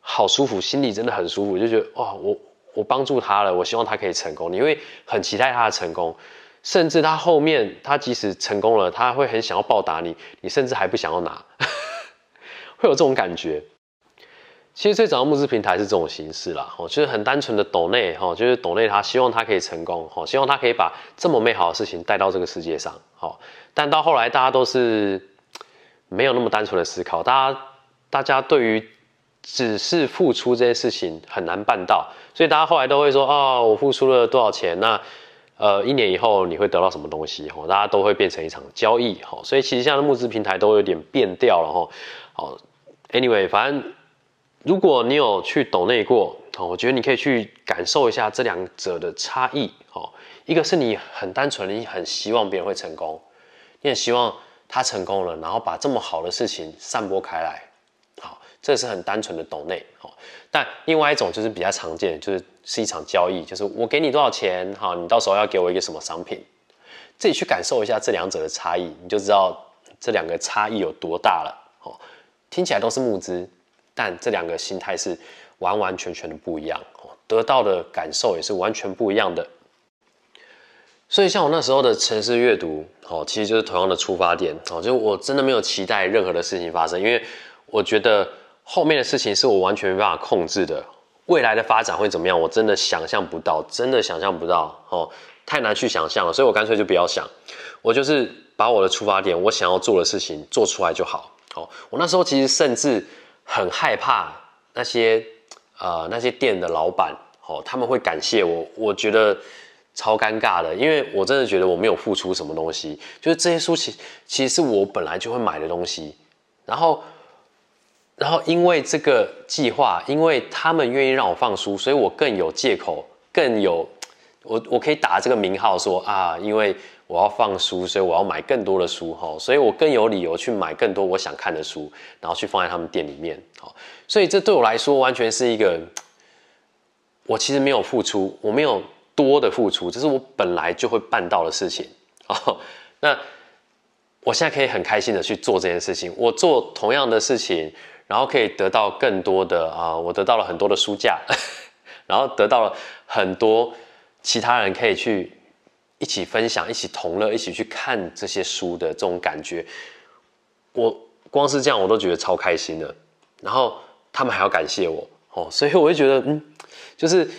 好舒服，心裡真的很舒服，就覺得哇，我我幫助他了，我希望他可以成功，你會很期待他的成功，甚至他後面他即使成功了，他會很想要報答你，你甚至還不想要拿， 會有這種感覺。其實最早的募資平台是這種形式啦，哦，就是很單純的抖內，哦，就是抖內他希望他可以成功，哦，希望他可以把這麼美好的事情帶到這個世界上，好，但到後來大家都是沒有那麼單純的思考，大家大家對於，只是付出這些事情很難辦到，所以大家後來都會說哦，我付出了多少錢？那呃，一年以後你會得到什麼東西？哈，大家都會變成一場交易。哈、哦，所以其實現在的募資平台都有點變調了。哈、哦，好，anyway，反正如果你有去抖內過，哦，我覺得你可以去感受一下這兩者的差異。哈、哦，一個是你很單純，你很希望別人會成功，你很希望他成功了，然後把這麼好的事情散播開來。這是很單純的斗內，好，但另外一種就是比較常見，就是是一場交易，就是我給你多少錢，好，你到時候要給我一個什麼商品，自己去感受一下這兩者的差異，你就知道這兩個差異有多大了，聽起來都是募資，但這兩個心態是完完全全的不一樣，得到的感受也是完全不一樣的。所以像我那時候的城市閱讀，其實就是同樣的出發點，就是我真的沒有期待任何的事情發生，因為我覺得。後面的事情是我完全沒辦法控制的，未來的發展會怎麼樣？我真的想象不到，真的想象不到哦，太難去想象了。所以我乾脆就不要想，我就是把我的出發點，我想要做的事情做出來就好。哦，我那時候其實甚至很害怕那些呃那些店的老闆、哦，好他們會感謝我，我覺得超尷尬的，因為我真的覺得我沒有付出什麼東西，就是這些書其其實是我本來就會買的東西，然後。然後，因為這個計劃，因為他們願意讓我放書，所以我更有借口，更有我我可以打這個名號說啊，因為我要放書，所以我要買更多的書哈，所以我更有理由去買更多我想看的書，然後去放在他們店裡面好。所以這對我來說完全是一個我其實沒有付出，我沒有多的付出，這是我本來就會辦到的事情哦。那我現在可以很開心的去做這件事情，我做同樣的事情。然後可以得到更多的啊、呃，我得到了很多的書架，然後得到了很多其他人可以去一起分享、一起同樂、一起去看這些書的這種感覺。我光是這樣我都覺得超開心的。然後他們還要感謝我哦，所以我就覺得嗯，就是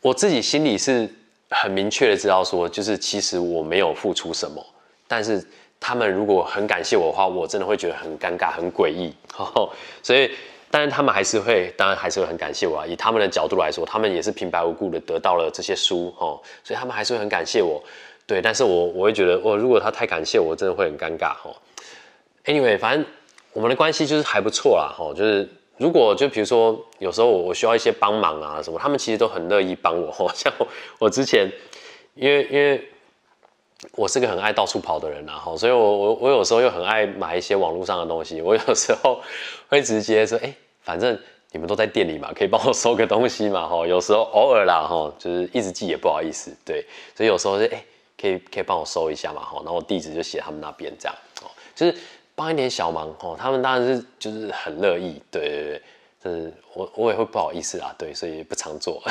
我自己心裡是很明確的知道說，就是其實我沒有付出什麼，但是。他們如果很感謝我的話，我真的會覺得很尷尬、很詭異，吼、哦。所以，當然他們還是會，當然還是會很感謝我啊。以他們的角度來說，他們也是平白無故的得到了這些書，哦、所以他們還是會很感謝我。對，但是我我會覺得、哦，如果他太感謝我，我真的會很尷尬，吼、哦。Anyway，反正我們的關係就是還不錯啦，吼、哦。就是如果就比如說，有時候我需要一些幫忙啊什麼，他們其實都很樂意幫我，吼、哦。像我，我之前，因為因為。我是個很愛到處跑的人，然、啊、吼，所以我我我有時候又很愛買一些網絡上的東西，我有時候會直接說，哎、欸，反正你們都在店裡嘛，可以幫我收個東西嘛，吼，有時候偶爾啦，吼，就是一直寄也不好意思，對，所以有時候是：欸，哎，可以可以幫我收一下嘛，吼，然後我地址就寫他們那邊這樣，哦，就是幫一點小忙，吼，他們當然是就是很樂意，對對對，就是我我也會不好意思啊，對，所以不常做，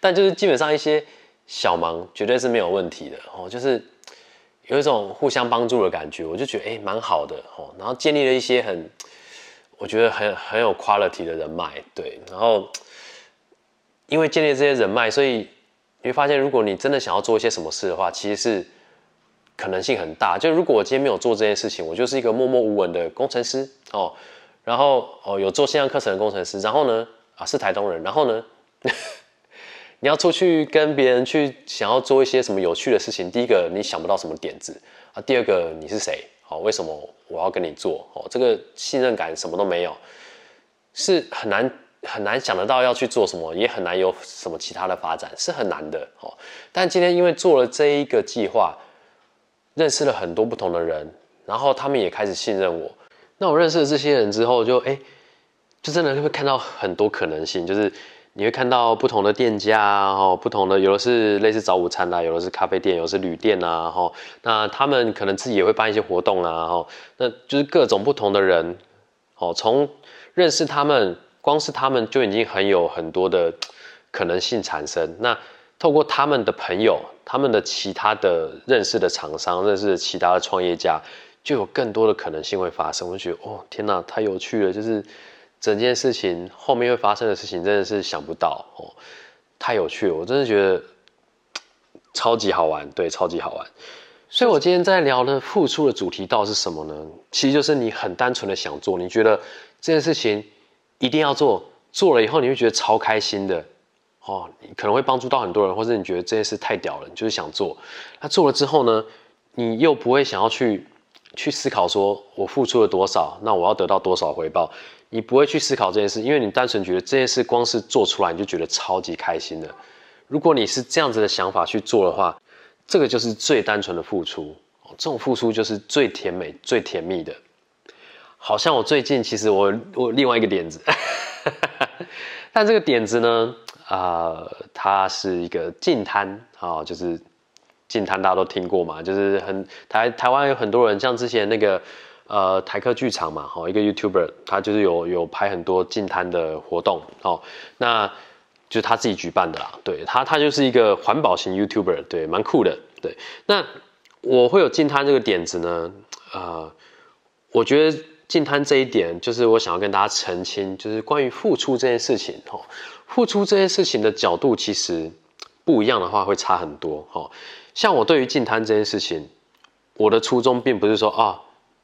但就是基本上一些小忙絕對是沒有問題的，哦，就是。有一種互相幫助的感覺，我就覺得哎、欸，蠻好的哦。然後建立了一些很，我覺得很很有 quality 的人脈。對，然後因為建立這些人脈，所以你會發現，如果你真的想要做一些什麼事的話，其實是可能性很大。就如果我今天沒有做這件事情，我就是一個默默無聞的工程師哦。然後哦，有做線上課程的工程師。然後呢，啊，是台東人。然後呢？ 你要出去跟別人去想要做一些什麼有趣的事情，第一個你想不到什麼點子啊，第二個你是誰？好，為什麼我要跟你做？哦，這個信任感什麼都沒有，是很難很難想得到要去做什麼，也很難有什麼其他的發展，是很難的。哦，但今天因為做了這一個計劃，認識了很多不同的人，然後他們也開始信任我。那我認識了這些人之後就，就、欸、哎，就真的會看到很多可能性，就是。你會看到不同的店家啊、哦，不同的，有的是類似早午餐的，有的是咖啡店，有的是旅店吶、啊哦，那他們可能自己也會辦一些活動啊，哦，那就是各種不同的人，哦，從認識他們，光是他們就已經很有很多的可能性產生。那透過他們的朋友，他們的其他的認識的廠商，認識其他的創業家，就有更多的可能性會發生。我就覺得，哦，天哪、啊，太有趣了，就是。整件事情後面會發生的事情真的是想不到哦，太有趣了，我真的覺得超級好玩，對，超級好玩。所以我今天在聊的付出的主題到底是什麼呢？其實就是你很單純的想做，你覺得這件事情一定要做，做了以後你會覺得超開心的哦，你可能會幫助到很多人，或者你覺得這件事太屌了，你就是想做。那做了之後呢，你又不會想要去去思考說我付出了多少，那我要得到多少回報？你不會去思考這件事，因為你單純覺得這件事光是做出來你就覺得超級開心的。如果你是這樣子的想法去做的話，這個就是最單純的付出，這種付出就是最甜美、最甜蜜的。好像我最近其實我我有另外一個點子， 但這個點子呢，啊、呃，它是一個淨灘啊，就是淨灘大家都聽過嘛，就是很台台灣有很多人像之前那個。呃，台客劇場嘛，吼，一個 YouTuber，他就是有有拍很多淨灘的活動，吼、哦，那就是他自己舉辦的啦，對他，他就是一個環保型 YouTuber，對，蠻酷的，對。那我會有淨灘這個點子呢，啊、呃，我覺得淨灘這一點，就是我想要跟大家澄清，就是關於付出這件事情，吼、哦，付出這件事情的角度其實不一樣的話，會差很多，吼、哦。像我對於淨灘這件事情，我的初衷並不是說啊。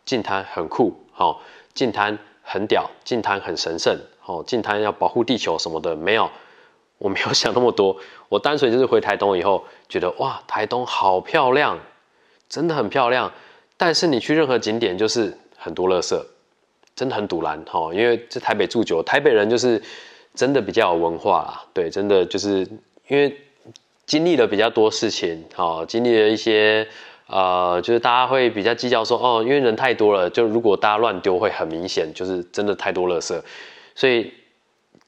淨灘很酷，好、哦，淨灘很屌，淨灘很神聖，好、哦，淨灘要保護地球什麼的，沒有，我沒有想那麼多，我單純就是回台東以後覺得哇，台東好漂亮，真的很漂亮，但是你去任何景點就是很多垃圾，真的很髒亂，哈、哦，因為在台北住久了，台北人就是真的比較有文化，對，真的就是因為經歷了比較多事情，哦、經歷了一些。呃，就是大家會比較計較說，哦，因為人太多了，就如果大家亂丟會很明顯，就是真的太多垃圾，所以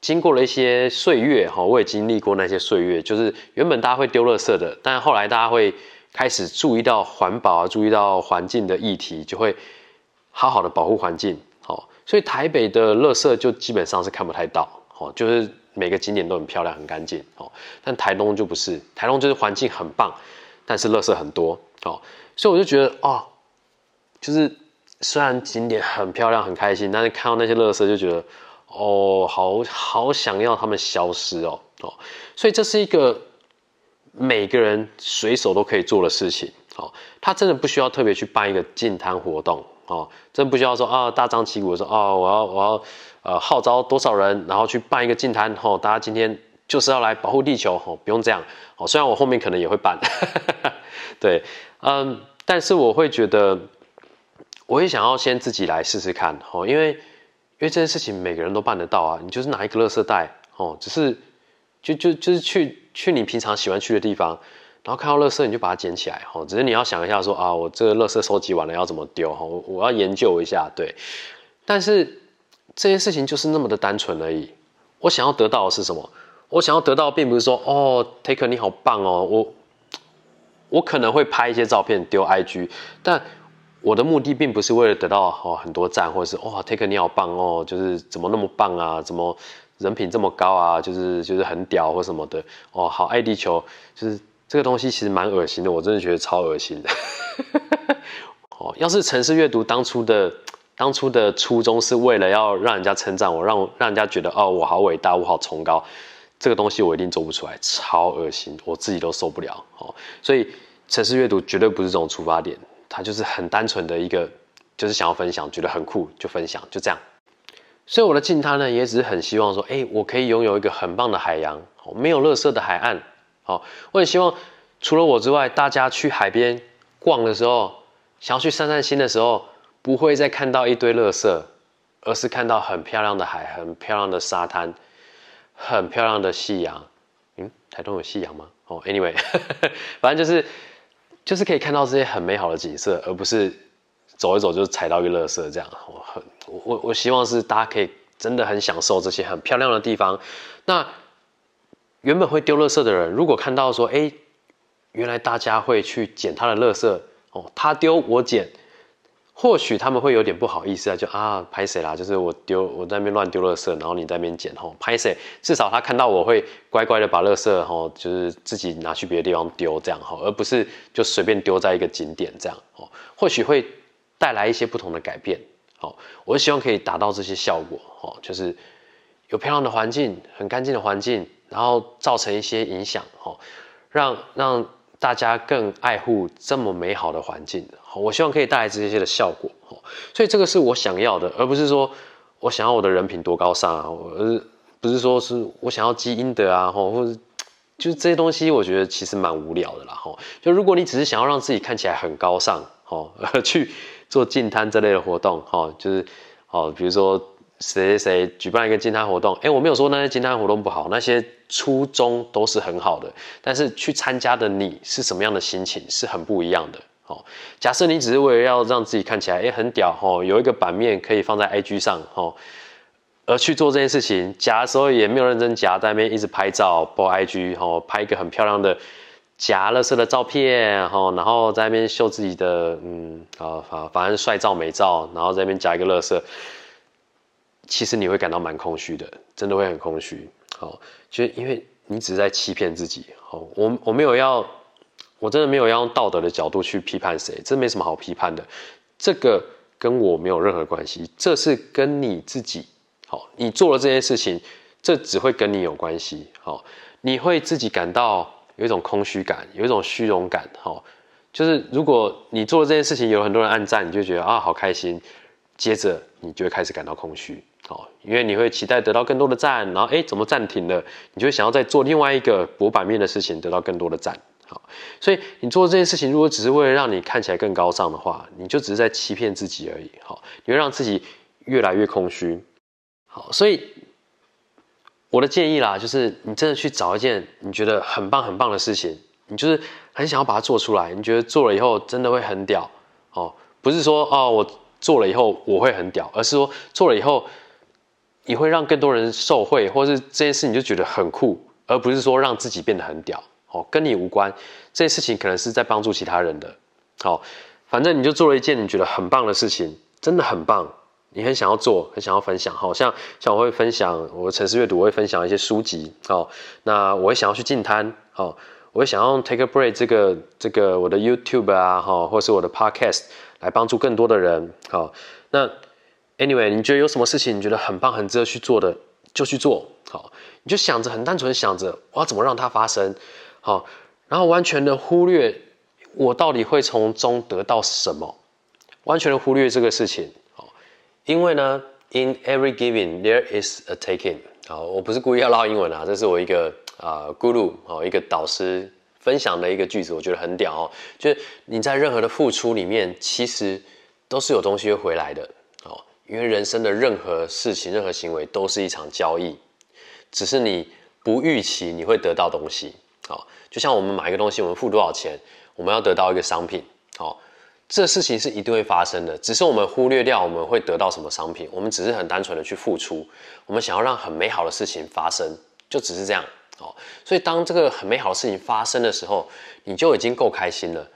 經過了一些歲月，哈、哦，我也經歷過那些歲月，就是原本大家會丟垃圾的，但後來大家會開始注意到環保啊，注意到環境的議題，就會好好的保護環境，好、哦，所以台北的垃圾就基本上是看不太到，哦，就是每個景點都很漂亮、很乾淨，哦，但台東就不是，台東就是環境很棒，但是垃圾很多。哦，所以我就覺得啊、哦，就是雖然景點很漂亮，很開心，但是看到那些垃圾就覺得，哦，好好想要他們消失哦，哦，所以這是一個每個人隨手都可以做的事情，哦，他真的不需要特別去辦一個淨灘活動，哦，真不需要說啊，大張旗鼓的說，哦、啊，我要我要呃號召多少人，然後去辦一個淨灘，哦，大家今天就是要來保護地球，哦，不用這樣，哦，雖然我後面可能也會辦， 對。嗯，但是我會覺得，我會想要先自己來試試看，哦，因為，因為這件事情每個人都辦得到啊，你就是拿一個垃圾袋，哦，只是，就就就是去去你平常喜歡去的地方，然後看到垃圾你就把它撿起來，哦，只是你要想一下說啊，我這個垃圾收集完了要怎麼丟，吼、哦，我要研究一下，對，但是這件事情就是那麼的單純而已，我想要得到的是什麼？我想要得到並不是說，哦，Taker，你好棒哦，我。我可能會拍一些照片丟 IG，但我的目的並不是為了得到、哦、很多讚，或者是哇、哦、Take 你好棒哦，就是怎麼那麼棒啊，怎麼人品這麼高啊，就是就是很屌或什麼的哦，好愛地球，就是這個東西其實蠻惡心的，我真的覺得超惡心的。 哦，要是城市閱讀當初的當初的初衷是為了要讓人家稱讚我，讓讓人家覺得哦我好偉大，我好崇高。這個東西我一定做不出來，超惡心，我自己都受不了哦。所以城市閱讀絕對不是這種出發點，它就是很單純的一個，就是想要分享，覺得很酷就分享，就這樣。所以我的淨灘呢，也只是很希望說，哎，我可以擁有一個很棒的海洋，沒有垃圾的海岸。我很希望除了我之外，大家去海邊逛的時候，想要去散散心的時候，不會再看到一堆垃圾，而是看到很漂亮的海，很漂亮的沙灘。很漂亮的夕陽，嗯，台東有夕陽嗎？哦、oh,，anyway，呵呵，反正就是，就是可以看到這些很美好的景色，而不是走一走就踩到一個垃圾這樣。我很，我我我希望是大家可以真的很享受這些很漂亮的地方。那原本會丟垃圾的人，如果看到說，哎、欸，原來大家會去撿他的垃圾，哦，他丟我撿。或許他們會有點不好意思啊，就啊拍誰啦？就是我丟我在那邊亂丟垃圾，然後你在那邊撿吼拍誰？至少他看到我會乖乖的把垃圾吼、喔，就是自己拿去別的地方丟這樣吼、喔，而不是就隨便丟在一個景點這樣哦、喔。或許會帶來一些不同的改變哦、喔。我希望可以達到這些效果哦、喔，就是有漂亮的環境、很乾淨的環境，然後造成一些影響哦、喔，讓讓大家更愛護這麼美好的環境。我希望可以帶來這些的效果，哦，所以這個是我想要的，而不是說我想要我的人品多高尚啊，我而不是說是我想要積陰德啊，或或者就是這些東西，我覺得其實蠻無聊的啦，哈。就如果你只是想要讓自己看起來很高尚，哈，去做淨灘這類的活動，哈，就是，哦，比如說誰誰誰舉辦一個淨灘活動，哎，我沒有說那些淨灘活動不好，那些初衷都是很好的，但是去參加的你是什麼樣的心情，是很不一樣的。假設你只是為了要讓自己看起來也、欸、很屌哦，有一個版面可以放在 IG 上哦，而去做這件事情夾的時候也沒有認真夾，在那邊一直拍照播 IG 吼，拍一個很漂亮的夾垃圾的照片，然後在那邊秀自己的嗯啊反反正帥照美照，然後在那邊夾、嗯、一個垃圾，其實你會感到蠻空虛的，真的會很空虛。就是因為你只是在欺騙自己。我我沒有要。我真的沒有要用道德的角度去批判誰，這沒什麼好批判的，這個跟我沒有任何關係，這是跟你自己，好，你做了這件事情，這只會跟你有關係，好，你會自己感到有一種空虛感，有一種虛榮感，好，就是如果你做了這件事情，有很多人按讚，你就覺得啊，好開心，接着你就會開始感到空虛，好，因為你會期待得到更多的讚，然後誒，怎麼暫停了，你就會想要再做另外一個搏版面的事情，得到更多的讚。好，所以你做這件事情，如果只是為了讓你看起來更高尚的話，你就只是在欺騙自己而已。好，你會讓自己越來越空虛。好，所以我的建議啦，就是你真的去找一件你覺得很棒很棒的事情，你就是很想要把它做出來，你覺得做了以後真的會很屌。哦，不是說哦我做了以後我會很屌，而是說做了以後你會讓更多人受惠，或是這件事你就覺得很酷，而不是說讓自己變得很屌。哦，跟你無關，這件事情可能是在幫助其他人的。好，反正你就做了一件你覺得很棒的事情，真的很棒。你很想要做，很想要分享。好像像我會分享我的城市閱讀，我會分享一些書籍。好，那我會想要去淨灘。好，我會想要 take a break 這個這個我的 YouTube 啊，好，或是我的 podcast 來幫助更多的人。好，那 anyway，你覺得有什麼事情你覺得很棒、很值得去做的，就去做。好，你就想着很單純想着，我要怎麼讓它發生。好，然後完全的忽略我到底會從中得到什麼，完全的忽略這個事情。好，因為呢，in every giving there is a taking。好，我不是故意要落英文啊，這是我一個啊、呃、guru 哦，一個導師分享的一個句子，我覺得很屌哦。就是你在任何的付出裡面，其實都是有東西會回來的。好、哦，因為人生的任何事情、任何行為都是一場交易，只是你不預期你會得到東西。就像我們買一個東西，我們付多少錢，我們要得到一個商品。哦，這事情是一定會發生的，只是我們忽略掉我們會得到什麼商品，我們只是很單純的去付出。我們想要讓很美好的事情發生，就只是這樣。哦，所以當這個很美好的事情發生的時候，你就已經夠開心了。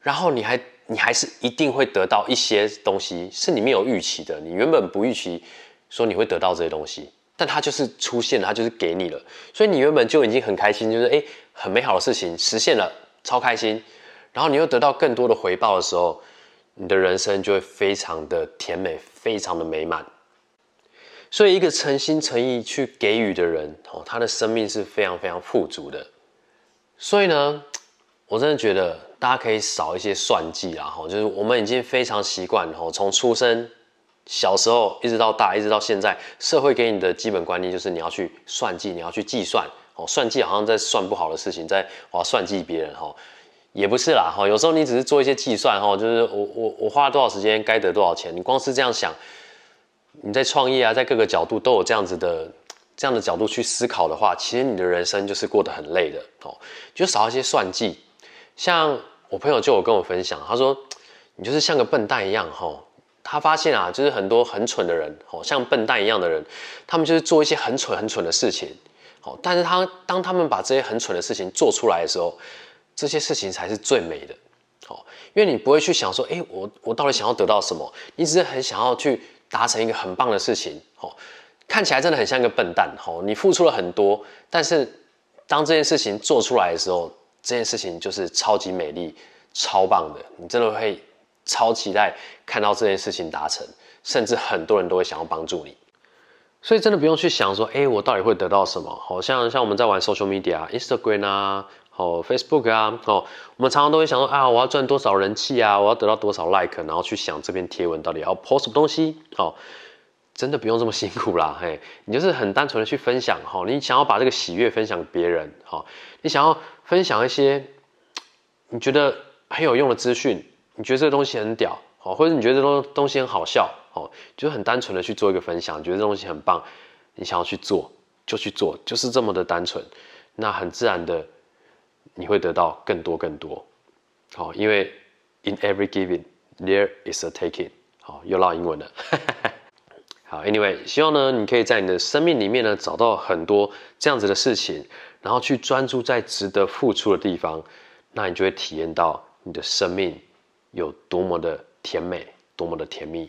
然後你還你還是一定會得到一些東西，是你沒有預期的，你原本不預期說你會得到這些東西，但它就是出現了，它就是給你了。所以你原本就已經很開心，就是哎、欸。很美好的事情實現了，超開心。然後你又得到更多的回報的時候，你的人生就會非常的甜美，非常的美滿。所以，一個誠心誠意去給予的人，哦，他的生命是非常非常富足的。所以呢，我真的覺得大家可以少一些算計啊。哈，就是我們已經非常習慣，哦，從出生小時候一直到大，一直到現在，社會給你的基本觀念就是你要去算計，你要去計算。哦，算計好像在算不好的事情，在哇算計別人哦，也不是啦哈。有時候你只是做一些計算哦，就是我我我花了多少時間，該得多少錢，你光是這樣想，你在創業啊，在各個角度都有這樣子的這樣的角度去思考的話，其實你的人生就是過得很累的哦。就少一些算計。像我朋友就有跟我分享，他說你就是像個笨蛋一樣哈。他發現啊，就是很多很蠢的人哦，像笨蛋一樣的人，他們就是做一些很蠢很蠢的事情。但是他當他們把這些很蠢的事情做出來的時候，這些事情才是最美的。因為你不會去想說，哎、欸，我我到底想要得到什麼？你只是很想要去達成一個很棒的事情。看起來真的很像一個笨蛋。你付出了很多，但是當這件事情做出來的時候，這件事情就是超級美麗、超棒的。你真的會超期待看到這件事情達成，甚至很多人都會想要幫助你。所以真的不用去想說，哎、欸，我到底會得到什麼？好像像我們在玩 social media，Instagram 啊，哦，Facebook 啊，哦，我們常常都會想說，啊，我要賺多少人氣啊，我要得到多少 like，然後去想這篇貼文到底要 post 什麼東西？哦，真的不用這麼辛苦啦，嘿，你就是很單純的去分享，哈，你想要把這個喜悅分享給別人，哈，你想要分享一些你覺得很有用的資訊，你覺得這個東西很屌，哦，或者你覺得這東東西很好笑。哦，就很單純的去做一個分享，覺得這東西很棒，你想要去做就去做，就是這麼的單純。那很自然的，你會得到更多更多。好，因為 in every giving there is a taking。好，又落英文了。 好，Anyway，希望呢，你可以在你的生命裡面呢，找到很多這樣子的事情，然後去專注在值得付出的地方，那你就會體驗到你的生命有多麼的甜美，多麼的甜蜜。